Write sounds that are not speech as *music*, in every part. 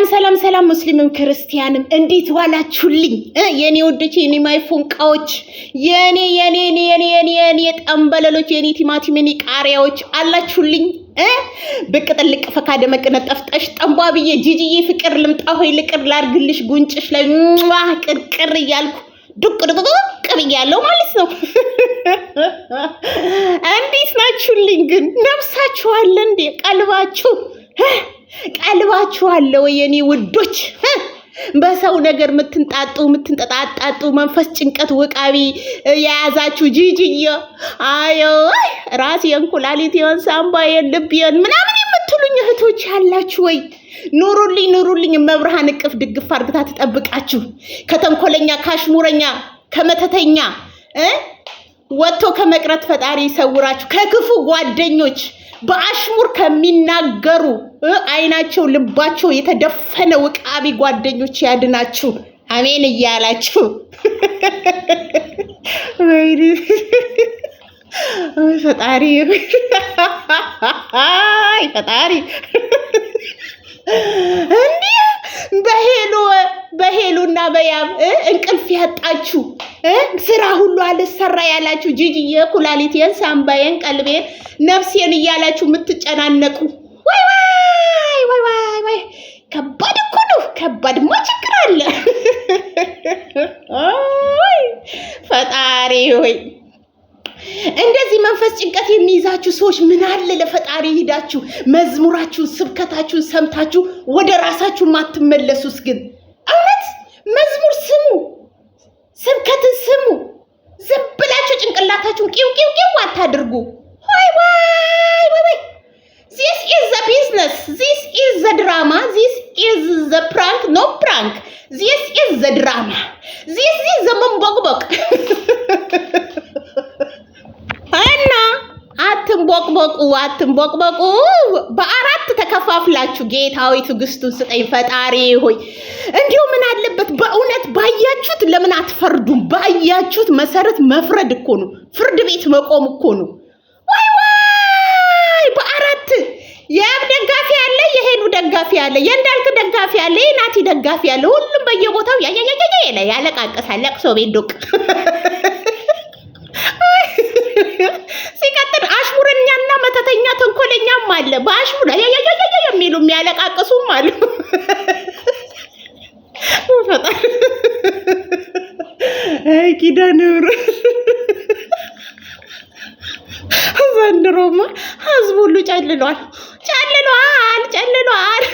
ሰላም ሰላም ሰላም፣ ሙስሊምም ክርስቲያንም እንዴት ዋላችሁልኝ? የኔ ወደች የኔ ማይፎን ቃዎች የኔ የኔ የኔ የኔ ጠንበለሎች የኔ ቲማቲም የኔ ቃሪያዎች አላችሁልኝ? ብቅ ጥልቅ ፈካ ደመቅ ነጠፍጠሽ ጠንቧ ብዬ ጂጂዬ ፍቅር ልምጣ ሆይ ልቅር ላርግልሽ ጉንጭሽ ላይ ቅርቅር እያልኩ ዱቅ ዱቅ ቅብዬ ማለት ነው። እንዴት ናችሁልኝ ግን ነብሳችኋለ እንዴ ቀልባችሁ ቀልባችኋለሁ የኔ ውዶች። በሰው ነገር የምትንጣጡ የምትንጠጣጣጡ መንፈስ ጭንቀት ውቃቢ የያዛችሁ ጂጂየ አዮ ራሴን፣ ኩላሊቴን፣ ሳምባዬን፣ ልብዬን ምናምን የምትሉኝ እህቶች ያላችሁ ወይ ኑሩልኝ፣ ኑሩልኝ። መብርሃን እቅፍ ድግፍ አርግታ ትጠብቃችሁ ከተንኮለኛ፣ ከአሽሙረኛ ከመተተኛ ወጥቶ ከመቅረት ፈጣሪ ይሰውራችሁ ከክፉ ጓደኞች፣ በአሽሙር ከሚናገሩ አይናቸው ልባቸው የተደፈነ ውቃቢ ጓደኞች ያድናችሁ። አሜን እያላችሁ ፈጣሪ ፈጣሪ እንዲህ በሄሉ በሄሉና በያም እንቅልፍ ያጣ ስራ ሁሉ አልሰራ ያላችሁ ጅጅዬ፣ ኩላሊቴን፣ ሳምባዬን፣ ቀልቤን፣ ነፍሴን እያላችሁ የምትጨናነቁ ወይ ወይ ወይ ወይ ወይ ከባድ እኮ ነው። ከባድ ማ ችግር አለ? ፈጣሪ ሆይ እንደዚህ መንፈስ ጭንቀት የሚይዛችሁ ሰዎች ምን አለ ለፈጣሪ ሂዳችሁ መዝሙራችሁን ስብከታችሁን ሰምታችሁ ወደ ራሳችሁ ማትመለሱስ? ግን እውነት መዝሙር ስሙ ስብከትን ስሙ። ዝም ብላችሁ ጭንቅላታችሁን ቂው ቂው ቂው አታድርጉ። ወይ ወይ ወይ ወይ ዚስ ኢዝ ዘ ቢዝነስ ዚስ ኢዝ ዘ ድራማ ዚስ ኢዝ ዘ ፕራንክ ኖ ፕራንክ ዚስ ኢዝ ዘ ድራማ ዚስ ኢዝ ዘ መንቦቅቦቅ እና አትንቦቅቦቁ አትንቦቅቦቁ። በአራት ተከፋፍላችሁ ጌታዊ ትዕግስቱን ስጠኝ ፈጣሪ ሆይ እንዲሁም በእውነት ባያችሁት ለምን አትፈርዱም? ባያችሁት መሰረት መፍረድ እኮ ነው። ፍርድ ቤት መቆም እኮ ነው። ወይ ወይ! በአራት የአብ ደጋፊ አለ፣ የሄዱ ደጋፊ አለ፣ የእንዳልክ ደጋፊ አለ፣ የናቲ ደጋፊ አለ። ሁሉም በየቦታው ያያያያ ያለቃቀሳል። ለቅሶ ቤት ዶቅ *laughs* ሲቀጥል አሽሙረኛና መተተኛ ተንኮለኛም አለ። በአሽሙር ያያያያያ የሚሉ የሚያለቃቅሱም አሉ። ኪዳነ ምሕረት ዘንድሮማ ህዝቡ ሁሉ ጨልሏል፣ ጨልሏል፣ ጨልሏል።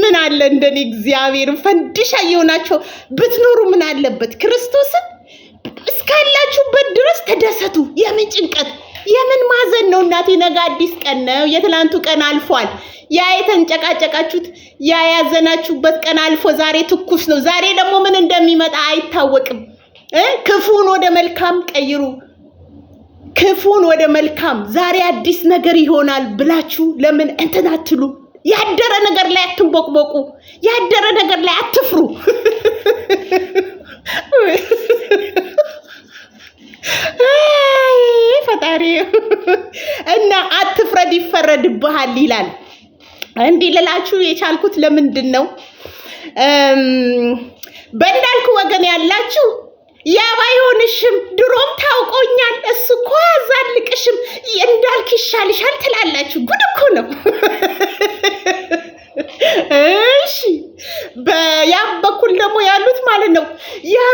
ምን አለ እንደኔ እግዚአብሔር ፈንድሻ እየሆናቸው ብትኖሩ ምን አለበት? ክርስቶስን እስካላችሁበት ድረስ ተደሰቱ። የምን ጭንቀት የምን ነው እናቴ፣ ነገ አዲስ ቀን ነው። የትላንቱ ቀን አልፏል። ያ የተንጨቃጨቃችሁት ያ ያዘናችሁበት ቀን አልፎ ዛሬ ትኩስ ነው። ዛሬ ደግሞ ምን እንደሚመጣ አይታወቅም። ክፉን ወደ መልካም ቀይሩ፣ ክፉን ወደ መልካም። ዛሬ አዲስ ነገር ይሆናል ብላችሁ ለምን እንትን አትሉ? ያደረ ነገር ላይ አትንቦቅቦቁ። ያደረ ነገር ላይ አትፍሩ። *laughs* ይላል። እንዲህ ልላችሁ የቻልኩት ለምንድን ነው? በእንዳልኩ ወገን ያላችሁ ያ ይሆንሽም ድሮም ታውቆኛል። እሱ እኮ አዛልቅሽም እንዳልክ ይሻልሻል ትላላችሁ። ጉድ እኮ ነው። እሺ በያም በኩል ደግሞ ያሉት ማለት ነው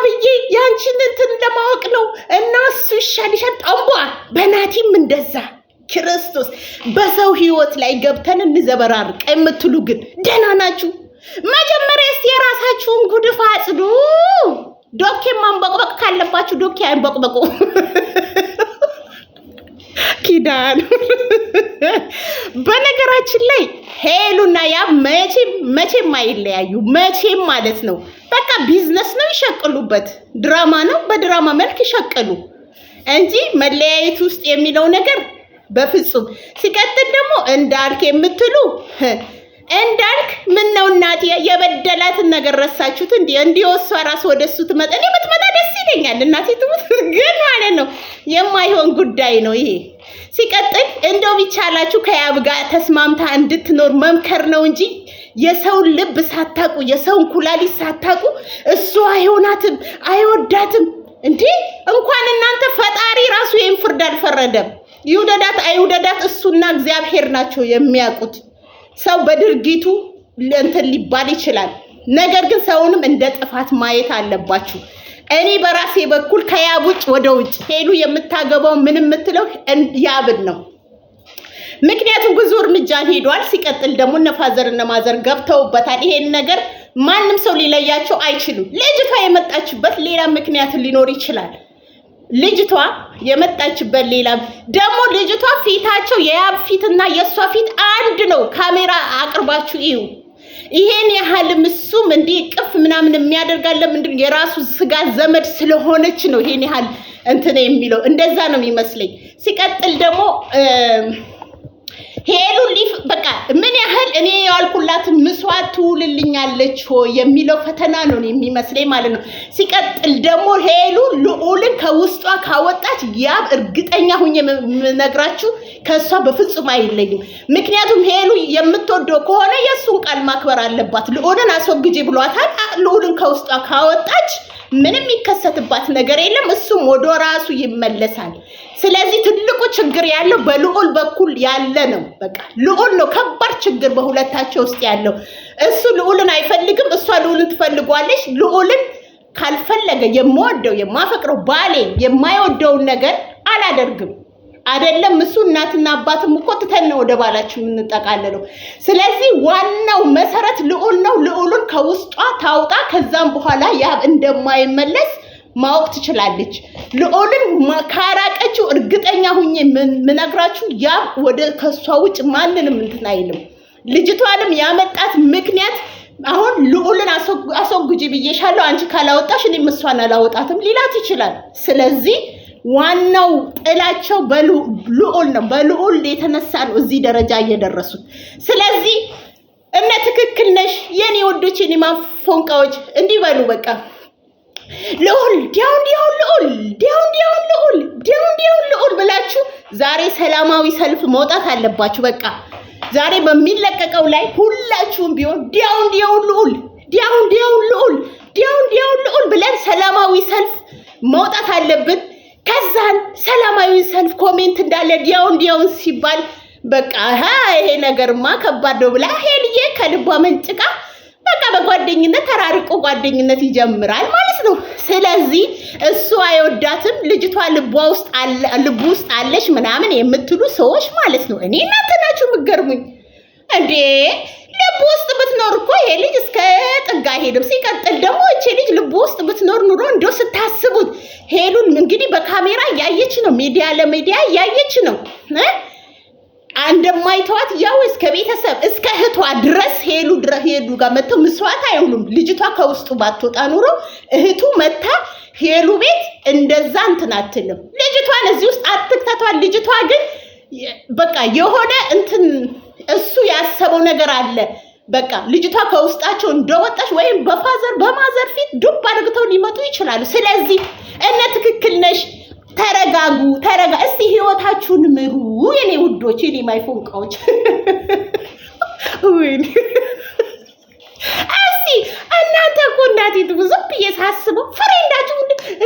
ብዬ ያንቺን እንትን ለማወቅ ነው እና እሱ ይሻልሻል። ጠንቧ በናቲም እንደዛ ክርስቶስ በሰው ህይወት ላይ ገብተን እንዘበራርቅ የምትሉ ግን ደህና ናችሁ? መጀመሪያ እስቲ የራሳችሁን ጉድፍ አጽዱ። ዶኬ ማንበቅበቅ ካለባችሁ ዶኬ አይንበቅበቁ። *laughs* ኪዳን *laughs* በነገራችን ላይ ሄሉና ያ መቼም መቼም አይለያዩ መቼም ማለት ነው። በቃ ቢዝነስ ነው፣ ይሸቅሉበት። ድራማ ነው፣ በድራማ መልክ ይሸቅሉ እንጂ መለያየት ውስጥ የሚለው ነገር በፍጹም ሲቀጥል ደግሞ እንዳልክ የምትሉ *laughs* እንዳልክ ምን ነው እናቴ የበደላትን ነገር ረሳችሁት? እንዲ እንዲሁ እሷ ራሱ ወደ እሱ ትመጣ እኔ ብትመጣ ደስ ይለኛል። እናቴ ትሙት፣ ግን ማለት ነው የማይሆን ጉዳይ ነው ይሄ። ሲቀጥል እንደው ቢቻላችሁ ከያብ ጋር ተስማምታ እንድትኖር መምከር ነው እንጂ የሰውን ልብ ሳታቁ፣ የሰውን ኩላሊት ሳታቁ እሱ አይሆናትም፣ አይወዳትም። እንዴ እንኳን እናንተ ፈጣሪ ራሱ ይህን ፍርድ አልፈረደም። ይውደዳት አይውደዳት እሱና እግዚአብሔር ናቸው የሚያውቁት። ሰው በድርጊቱ እንትን ሊባል ይችላል። ነገር ግን ሰውንም እንደ ጥፋት ማየት አለባችሁ። እኔ በራሴ በኩል ከያብ ውጭ ወደ ውጭ ሄሉ የምታገባው ምን የምትለው ያብን ነው። ምክንያቱም ብዙ እርምጃን ሄዷል። ሲቀጥል ደግሞ ነፋዘር እና ማዘር ገብተውበታል። ይሄን ነገር ማንም ሰው ሊለያቸው አይችሉም። ልጅቷ የመጣችበት ሌላ ምክንያት ሊኖር ይችላል። ልጅቷ የመጣችበት ሌላ ደግሞ ልጅቷ ፊታቸው የያብ ፊትና የእሷ ፊት አንድ ነው። ካሜራ አቅርባችሁ እዩ። ይሄን ያህል እሱም እንዲህ ቅፍ ምናምን የሚያደርጋለ ምንድን የራሱ ስጋ ዘመድ ስለሆነች ነው ይሄን ያህል እንትን የሚለው እንደዛ ነው የሚመስለኝ። ሲቀጥል ደግሞ ሄሉ ሊፍ በቃ ምን ያህል እኔ ያልኩላትን ምስዋት ትውልልኛለች የሚለው ፈተና ነው የሚመስለኝ ማለት ነው። ሲቀጥል ደግሞ ሄሉ ልዑልን ከውስጧ ካወጣች ያብ እርግጠኛ ሁኝ የምነግራችሁ ከእሷ በፍጹም አይለይም። ምክንያቱም ሄሉ የምትወደው ከሆነ የእሱን ቃል ማክበር አለባት። ልዑልን አስወግጄ ብሏታል። ልዑልን ከውስጧ ካወጣች ምንም የሚከሰትባት ነገር የለም። እሱም ወደ ራሱ ይመለሳል። ስለዚህ ትልቁ ችግር ያለው በልዑል በኩል ያለ ነው። በቃ ልዑል ነው ከባድ ችግር በሁለታቸው ውስጥ ያለው። እሱ ልዑልን አይፈልግም፣ እሷ ልዑልን ትፈልጓለች። ልዑልን ካልፈለገ የምወደው የማፈቅረው ባሌ የማይወደውን ነገር አላደርግም አይደለም እሱ እናትና አባትም እኮ ትተን ነው ወደ ባላችን የምንጠቃለለው። ስለዚህ ዋናው መሰረት ልዑል ነው። ልዑሉን ከውስጧ ታውጣ። ከዛም በኋላ ያ እንደማይመለስ ማወቅ ትችላለች። ልዑልን ካራቀችው እርግጠኛ ሁኜ ምነግራችሁ ያ ወደ ከሷ ውጭ ማንንም እንትን አይልም። ልጅቷንም ያመጣት ምክንያት አሁን ልዑልን አስወግጂ ብዬሻለሁ፣ አንቺ ካላወጣሽ እኔም እሷን አላወጣትም ሊላት ይችላል። ስለዚህ ዋናው ጥላቸው በልዑል ነው። በልዑል የተነሳ ነው እዚህ ደረጃ እየደረሱት። ስለዚህ እነ ትክክል ነሽ የኔ ወዶች፣ የኔ ማፎንቃዎች እንዲህ በሉ በቃ ልዑል ዲያው ዲያው ልዑል ዲያው ዲያው ልዑል ዲያው ዲያው ልዑል ብላችሁ ዛሬ ሰላማዊ ሰልፍ መውጣት አለባችሁ። በቃ ዛሬ በሚለቀቀው ላይ ሁላችሁም ቢሆን ዲያው ዲያው ልዑል ዲያው ዲያው ልዑል ዲያው ዲያው ልዑል ብለን ሰላማዊ ሰልፍ መውጣት አለብን። ከዛን ሰላማዊ ሰልፍ ኮሜንት እንዳለ ዲያውን ዲያውን ሲባል በቃ ይሄ ነገርማ ከባድ ነው ብላ ሄልዬ ከልቧ መንጭቃ በቃ በጓደኝነት ተራርቆ ጓደኝነት ይጀምራል ማለት ነው። ስለዚህ እሱ አይወዳትም ልጅቷ ልቧ ውስጥ አለ ልቡ ውስጥ አለሽ ምናምን የምትሉ ሰዎች ማለት ነው እኔ እናንተ ናችሁ የምትገርሙኝ እንዴ ልብ ውስጥ ብትኖር እኮ ይሄ ልጅ እስከ ጥግ አይሄድም። ሲቀጥል ደግሞ እቺ ልጅ ልብ ውስጥ ብትኖር ኑሮ እንዲያው ስታስቡት ሄሉን እንግዲህ በካሜራ እያየች ነው፣ ሚዲያ ለሚዲያ እያየች ነው እንደማይተዋት ያው እስከ ቤተሰብ እስከ እህቷ ድረስ ሄሉ ድረስ ጋር መጥተው ምስዋት አይሆኑም። ልጅቷ ከውስጡ ባትወጣ ኑሮ እህቱ መታ ሄሉ ቤት እንደዛ እንትን አትልም። ልጅቷን እዚህ ውስጥ አትክተቷል። ልጅቷ ግን በቃ የሆነ እንትን እሱ ያሰበው ነገር አለ። በቃ ልጅቷ ከውስጣቸው እንደወጣች ወይም በፋዘር በማዘር ፊት ዱብ አድርግተው ሊመጡ ይችላሉ። ስለዚህ እነ ትክክል ነሽ፣ ተረጋጉ፣ ተረጋ እስቲ ህይወታችሁን ምሩ። የኔ ውዶች፣ የኔ ማይፎንቃዎች እስቲ እናንተ እኮ እናቴ ብዬ ሳስበው እንዳችሁ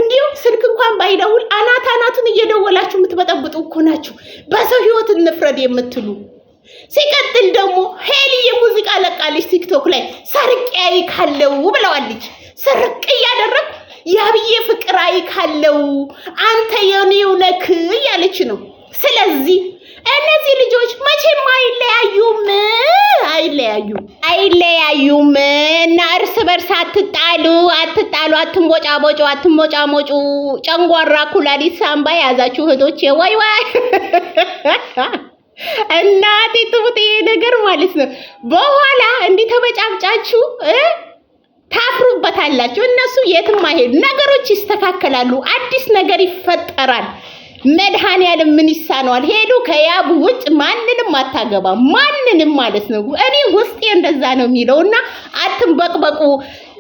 እንዲሁም ስልክ እንኳን ባይደውል አናት አናቱን እየደወላችሁ የምትበጠብጡ እኮ ናችሁ። በሰው ህይወት እንፍረድ የምትሉ ሲቀጥል ደግሞ ሄሊ የሙዚቃ ለቃለች ቲክቶክ ላይ ሰርቄ አይካለው ብለዋለች። ሰርቅ እያደረግ የአብዬ ፍቅር አይካለው አንተ የኔው ነክ እያለች ነው። ስለዚህ እነዚህ ልጆች መቼም አይለያዩም፣ አይለያዩ አይለያዩም እና እርስ በርስ አትጣሉ፣ አትጣሉ፣ አትንቦጫቦጩ፣ አትሞጫሞጩ። ጨንጓራ፣ ኩላሊት፣ ሳምባ የያዛችሁ እህቶቼ ወይ ወይ እናቴ ትሙት ይሄ ነገር ማለት ነው። በኋላ እንዲህ ተበጫብጫችሁ ታፍሩበታላችሁ። እነሱ የትም አይሄዱ። ነገሮች ይስተካከላሉ። አዲስ ነገር ይፈጠራል። መድኃኒዓለም ምን ይሳነዋል? ሄዱ ከያቡ ውጭ ማንንም አታገባ ማንንም ማለት ነው። እኔ ውስጤ እንደዛ ነው የሚለውና አትንበቅበቁ።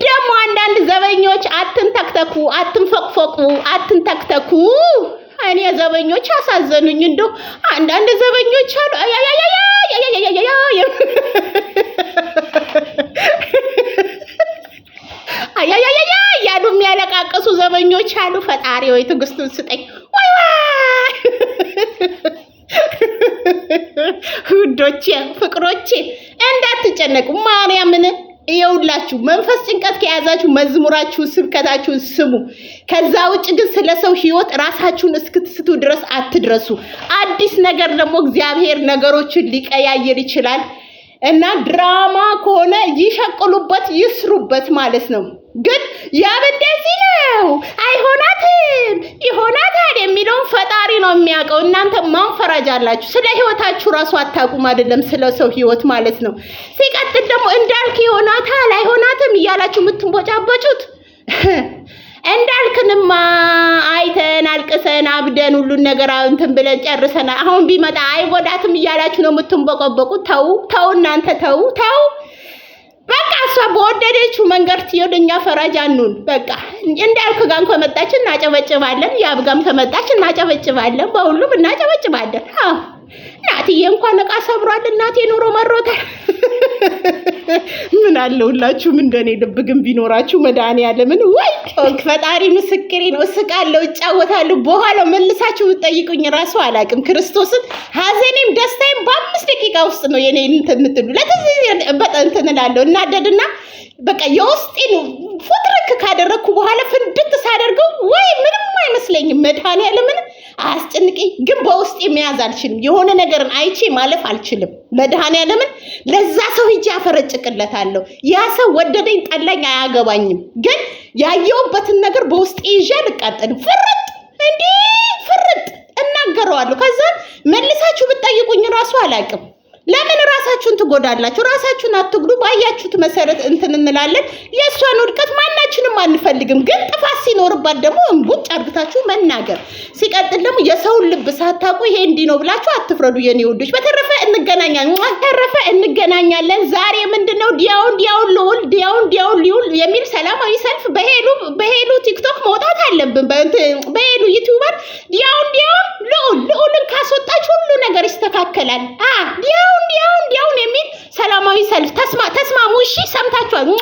ደግሞ አንዳንድ ዘበኞች አትንተክተኩ፣ አትንፈቅፈቁ፣ አትንተክተኩ እኔ ዘበኞች አሳዘኑኝ። እንደው አንዳንድ ዘበኞች አሉ አያያያያ እያሉ የሚያለቃቀሱ ዘበኞች አሉ። ፈጣሪ ወይ ትዕግስቱን ስጠኝ። ወይ ውዶቼ፣ ፍቅሮቼ እንዳትጨነቁ ማርያምን ይኸውላችሁ መንፈስ ጭንቀት ከያዛችሁ መዝሙራችሁ፣ ስብከታችሁን ስሙ። ከዛ ውጭ ግን ስለ ሰው ህይወት ራሳችሁን እስክትስቱ ድረስ አትድረሱ። አዲስ ነገር ደግሞ እግዚአብሔር ነገሮችን ሊቀያየር ይችላል እና ድራማ ከሆነ ይሸቅሉበት፣ ይስሩበት ማለት ነው። ግን ያበደዚህ ነው ታውቃላችሁ። ስለ ህይወታችሁ ራሱ አታውቁም፣ አይደለም ስለ ሰው ህይወት ማለት ነው። ሲቀጥል ደግሞ እንዳልክ ይሆናታል አይሆናትም እያላችሁ የምትንቦጫበጩት *laughs* እንዳልክንማ አይተን አልቅሰን አብደን ሁሉን ነገር እንትን ብለን ጨርሰናል። አሁን ቢመጣ አይጎዳትም እያላችሁ ነው የምትንቦቆቦቁት። ተው ተው፣ እናንተ ተው ተው። እሷ በወደደችው መንገድ ትሄድ፣ እኛ ፈራጅ አኑን። በቃ እንዳልክ ጋር ከመጣች እናጨበጭባለን፣ ያብጋም ከመጣች እናጨበጭባለን፣ በሁሉም እናጨበጭባለን። አዎ እናትዬ እንኳን እቃ ሰብሯል። እናቴ ኑሮ መሮታል። ምን አለ ሁላችሁም እንደኔ ልብ ግን ቢኖራችሁ መድኃኒዓለምን ወይ ፈጣሪ ምስክሬ ነው። እስቃለሁ፣ እጫወታለሁ። በኋላ መልሳችሁ ብትጠይቁኝ ራሱ አላውቅም። ክርስቶስን ሀዘኔም ደስታይም በአምስት ደቂቃ ውስጥ ነው የኔ እንትን የምትሉ እላለሁ። እናደድና በቃ የውስጤን ፉትረክ ካደረግኩ በኋላ ፍንድት ሳደርገው ወይ ምንም አይመስለኝም። መድኃኒዓለምን አያስጨንቀኝ፣ ግን በውስጤ መያዝ አልችልም። የሆነ ነገርን አይቼ ማለፍ አልችልም። መድኃኔዓለምን ለዛ ሰው ሂጂ አፈረጭቅለታለሁ። ያ ሰው ወደደኝ ጠላኝ አያገባኝም። ግን ያየውበትን ነገር በውስጥ ይዤ አልቃጠልም። ፍርጥ እንዲህ ፍርጥ እናገረዋለሁ። ከዛ መልሳችሁ ብጠይቁኝ ራሱ አላውቅም። ለምን ራሳችሁን ትጎዳላችሁ? ራሳችሁን አትጉዱ። ባያችሁት መሰረት እንትን እንላለን። የእሷን ውድቀት ማናችንም አንፈልግም፣ ግን ጥፋት ሲኖርባት ደግሞ እንቡጭ አድርግታችሁ መናገር። ሲቀጥል ደግሞ የሰውን ልብ ሳታውቁ ይሄ እንዲህ ነው ብላችሁ አትፍረዱ የኔ ውዶች። በተረፈ እንገናኛለን፣ በተረፈ እንገናኛለን። ዛሬ ምንድን ነው ዲያውን ዲያውን ልውል ዲያውን ዲያውን ሊውል የሚል ሰላማዊ ሰልፍ በሄሉ በሄሉ ቲክቶክ መውጣት አለብን። በሄሉ ዩቲዩበር ዲያውን ዲያውን ልዑል ልዑልን ካስወጣች ሁሉ ነገር ይስተካከላል። ዲያው እንዲያው እንዲያው አሁን የሚል ሰላማዊ ሰልፍ ተስማሙ። እሺ ሰምታችኋል።